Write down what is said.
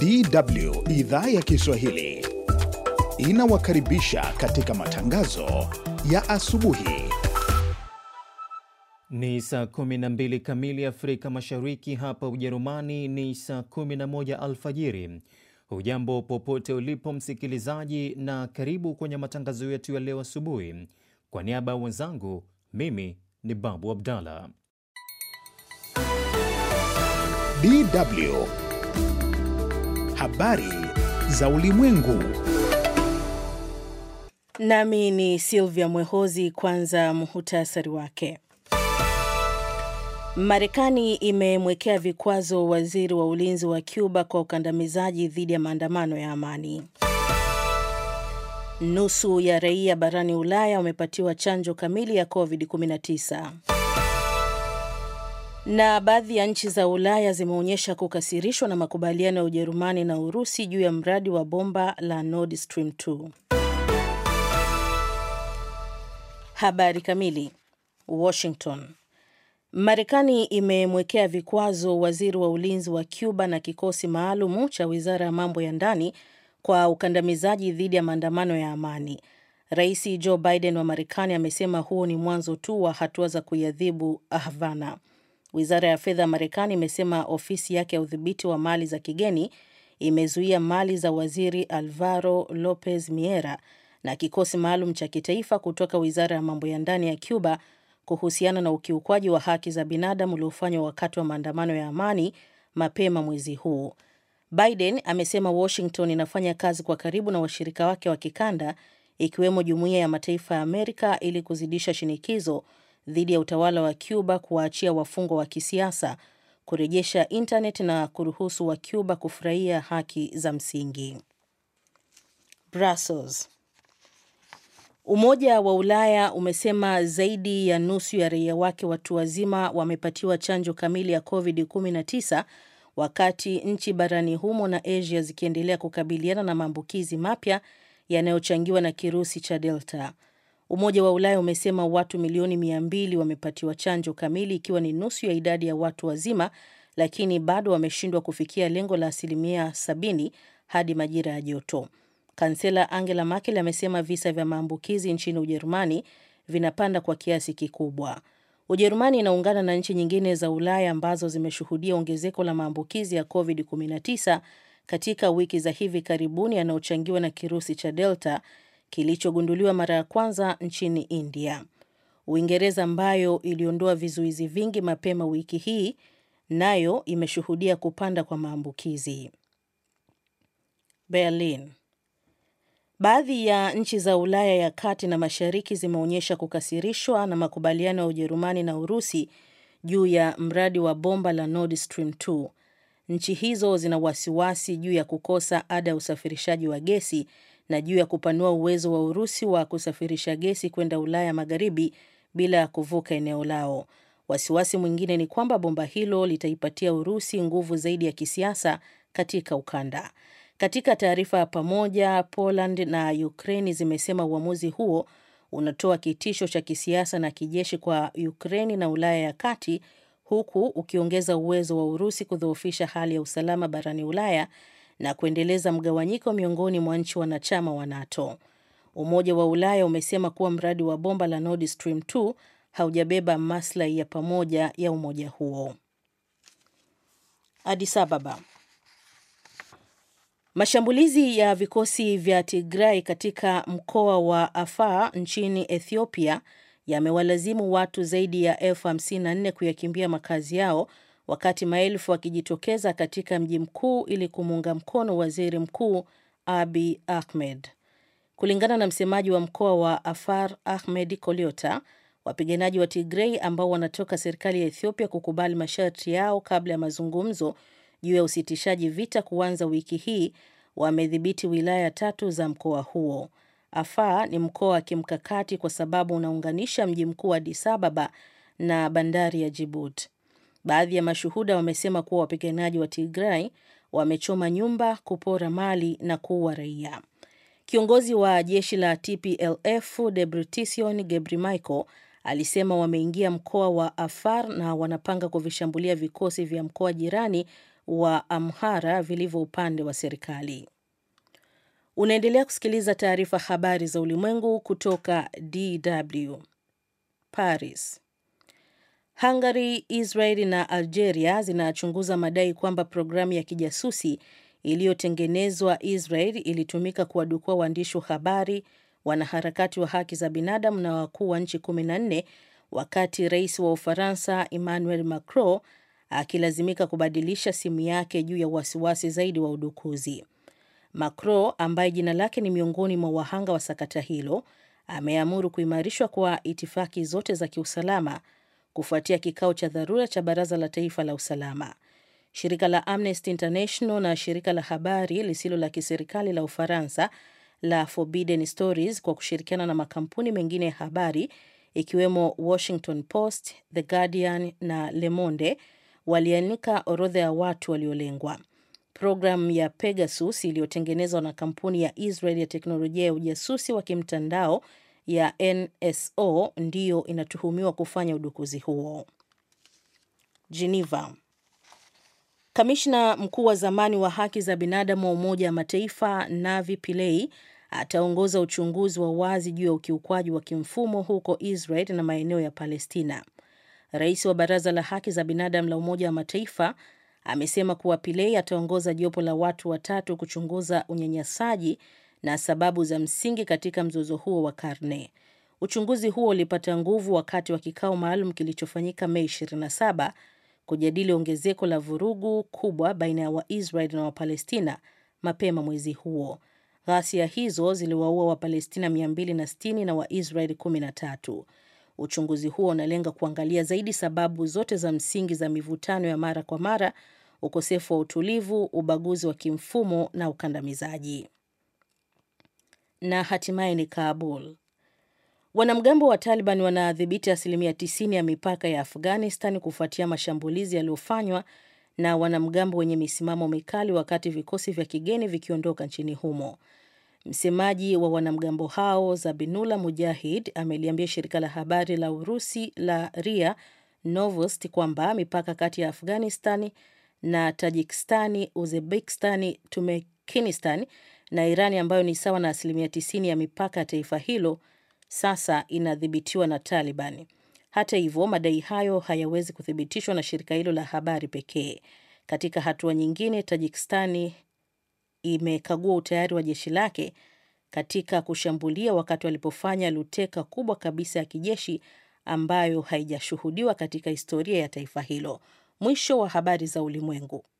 DW idhaa ya Kiswahili inawakaribisha katika matangazo ya asubuhi. Ni saa 12 kamili Afrika Mashariki, hapa Ujerumani ni saa 11 alfajiri. Hujambo popote ulipo msikilizaji, na karibu kwenye matangazo yetu ya leo asubuhi. Kwa niaba ya wenzangu, mimi ni Babu Abdalla. DW habari za ulimwengu. Nami ni Silvia Mwehozi. Kwanza muhutasari wake. Marekani imemwekea vikwazo waziri wa ulinzi wa Cuba kwa ukandamizaji dhidi ya maandamano ya amani. Nusu ya raia barani Ulaya wamepatiwa chanjo kamili ya COVID-19. Na baadhi ya nchi za Ulaya zimeonyesha kukasirishwa na makubaliano ya Ujerumani na Urusi juu ya mradi wa bomba la Nord Stream 2. Habari kamili. Washington. Marekani imemwekea vikwazo waziri wa ulinzi wa Cuba na kikosi maalum cha wizara ya mambo ya ndani kwa ukandamizaji dhidi ya maandamano ya amani. Rais Joe Biden wa Marekani amesema huo ni mwanzo tu wa hatua za kuiadhibu Havana. Wizara ya fedha ya Marekani imesema ofisi yake ya udhibiti wa mali za kigeni imezuia mali za waziri Alvaro Lopez Miera na kikosi maalum cha kitaifa kutoka wizara ya mambo ya ndani ya Cuba kuhusiana na ukiukwaji wa haki za binadamu uliofanywa wakati wa maandamano ya amani mapema mwezi huu. Biden amesema Washington inafanya kazi kwa karibu na washirika wake wa kikanda ikiwemo Jumuiya ya Mataifa ya Amerika ili kuzidisha shinikizo dhidi ya utawala wa Cuba kuwaachia wafungwa wa kisiasa, kurejesha intnet na kuruhusu wa Cuba kufurahia haki za msingi. Brussels. Umoja wa Ulaya umesema zaidi ya nusu ya raia wake watu wazima wamepatiwa chanjo kamili ya COVID-19 wakati nchi barani humo na Asia zikiendelea kukabiliana na maambukizi mapya yanayochangiwa na kirusi cha Delta. Umoja wa Ulaya umesema watu milioni mia mbili wamepatiwa chanjo kamili ikiwa ni nusu ya idadi ya watu wazima, lakini bado wameshindwa kufikia lengo la asilimia sabini hadi majira ya joto. Kansela Angela Merkel amesema visa vya maambukizi nchini Ujerumani vinapanda kwa kiasi kikubwa. Ujerumani inaungana na nchi nyingine za Ulaya ambazo zimeshuhudia ongezeko la maambukizi ya COVID-19 katika wiki za hivi karibuni yanayochangiwa na kirusi cha Delta kilichogunduliwa mara ya kwanza nchini India. Uingereza ambayo iliondoa vizuizi vingi mapema wiki hii nayo imeshuhudia kupanda kwa maambukizi. Berlin. Baadhi ya nchi za Ulaya ya kati na mashariki zimeonyesha kukasirishwa na makubaliano ya Ujerumani na Urusi juu ya mradi wa bomba la Nord Stream 2. Nchi hizo zina wasiwasi juu ya kukosa ada ya usafirishaji wa gesi na juu ya kupanua uwezo wa Urusi wa kusafirisha gesi kwenda Ulaya Magharibi bila ya kuvuka eneo lao. Wasiwasi mwingine ni kwamba bomba hilo litaipatia Urusi nguvu zaidi ya kisiasa katika ukanda. Katika taarifa ya pamoja, Poland na Ukraini zimesema uamuzi huo unatoa kitisho cha kisiasa na kijeshi kwa Ukraini na Ulaya ya Kati, huku ukiongeza uwezo wa Urusi kudhoofisha hali ya usalama barani Ulaya na kuendeleza mgawanyiko miongoni mwa nchi wanachama wa NATO. Umoja wa Ulaya umesema kuwa mradi wa bomba la Nord Stream 2 haujabeba maslahi ya pamoja ya umoja huo. Addis Ababa. Mashambulizi ya vikosi vya Tigray katika mkoa wa Afar nchini Ethiopia yamewalazimu watu zaidi ya elfu 54 kuyakimbia makazi yao wakati maelfu wakijitokeza katika mji mkuu ili kumuunga mkono waziri mkuu Abi Ahmed. Kulingana na msemaji wa mkoa wa Afar Ahmed Koliota, wapiganaji wa Tigrei ambao wanatoka serikali ya Ethiopia kukubali masharti yao kabla ya mazungumzo juu ya usitishaji vita kuanza wiki hii wamedhibiti wilaya tatu za mkoa huo. Afar ni mkoa wa kimkakati kwa sababu unaunganisha mji mkuu wa Addis Ababa na bandari ya Djibouti. Baadhi ya mashuhuda wamesema kuwa wapiganaji wa Tigray wamechoma nyumba, kupora mali na kuua raia. Kiongozi wa jeshi la TPLF Debretsion Gebremichael alisema wameingia mkoa wa Afar na wanapanga kuvishambulia vikosi vya mkoa jirani wa Amhara vilivyo upande wa serikali. Unaendelea kusikiliza taarifa habari za ulimwengu kutoka DW Paris. Hungary, Israel na Algeria zinachunguza madai kwamba programu ya kijasusi iliyotengenezwa Israel ilitumika kuwadukua waandishi wa habari, wanaharakati wa haki za binadamu na wakuu wa nchi 14 wakati rais wa Ufaransa Emmanuel Macron akilazimika kubadilisha simu yake juu ya wasiwasi zaidi wa udukuzi. Macron ambaye jina lake ni miongoni mwa wahanga wa sakata hilo ameamuru kuimarishwa kwa itifaki zote za kiusalama kufuatia kikao cha dharura cha Baraza la Taifa la Usalama. Shirika la Amnesty International na shirika la habari lisilo la kiserikali la Ufaransa la Forbidden Stories kwa kushirikiana na makampuni mengine ya habari ikiwemo Washington Post, The Guardian na Le Monde walianika orodha ya watu waliolengwa. Programu ya Pegasus iliyotengenezwa na kampuni ya Israel ya teknolojia ya ujasusi wa kimtandao ya NSO ndiyo inatuhumiwa kufanya udukuzi huo. Geneva. Kamishna mkuu wa zamani wa haki za binadamu wa Umoja wa Mataifa Navi Pillay ataongoza uchunguzi wa wazi juu ya ukiukwaji wa kimfumo huko Israel na maeneo ya Palestina. Rais wa Baraza la Haki za Binadamu la Umoja wa Mataifa amesema kuwa Pillay ataongoza jopo la watu watatu kuchunguza unyanyasaji na sababu za msingi katika mzozo huo wa karne. Uchunguzi huo ulipata nguvu wakati wa kikao maalum kilichofanyika Mei 27 kujadili ongezeko la vurugu kubwa baina ya waisrael na Wapalestina mapema mwezi huo. Ghasia hizo ziliwaua Wapalestina 260 na Waisrael 13. Uchunguzi huo unalenga kuangalia zaidi sababu zote za msingi za mivutano ya mara kwa mara, ukosefu wa utulivu, ubaguzi wa kimfumo na ukandamizaji na hatimaye ni Kabul. Wanamgambo wa Taliban wanadhibiti asilimia 90 ya mipaka ya Afghanistan kufuatia mashambulizi yaliyofanywa na wanamgambo wenye misimamo mikali wakati vikosi vya kigeni vikiondoka nchini humo. Msemaji wa wanamgambo hao Zabinula Mujahid ameliambia shirika la habari la Urusi la RIA Novosti kwamba mipaka kati ya Afghanistani na Tajikistani, Uzbekistani, tumekinistan na Irani ambayo ni sawa na asilimia 90 ya mipaka ya taifa hilo sasa inadhibitiwa na Talibani. Hata hivyo, madai hayo hayawezi kuthibitishwa na shirika hilo la habari pekee. Katika hatua nyingine, Tajikistani imekagua utayari wa jeshi lake katika kushambulia wakati walipofanya luteka kubwa kabisa ya kijeshi ambayo haijashuhudiwa katika historia ya taifa hilo. Mwisho wa habari za ulimwengu.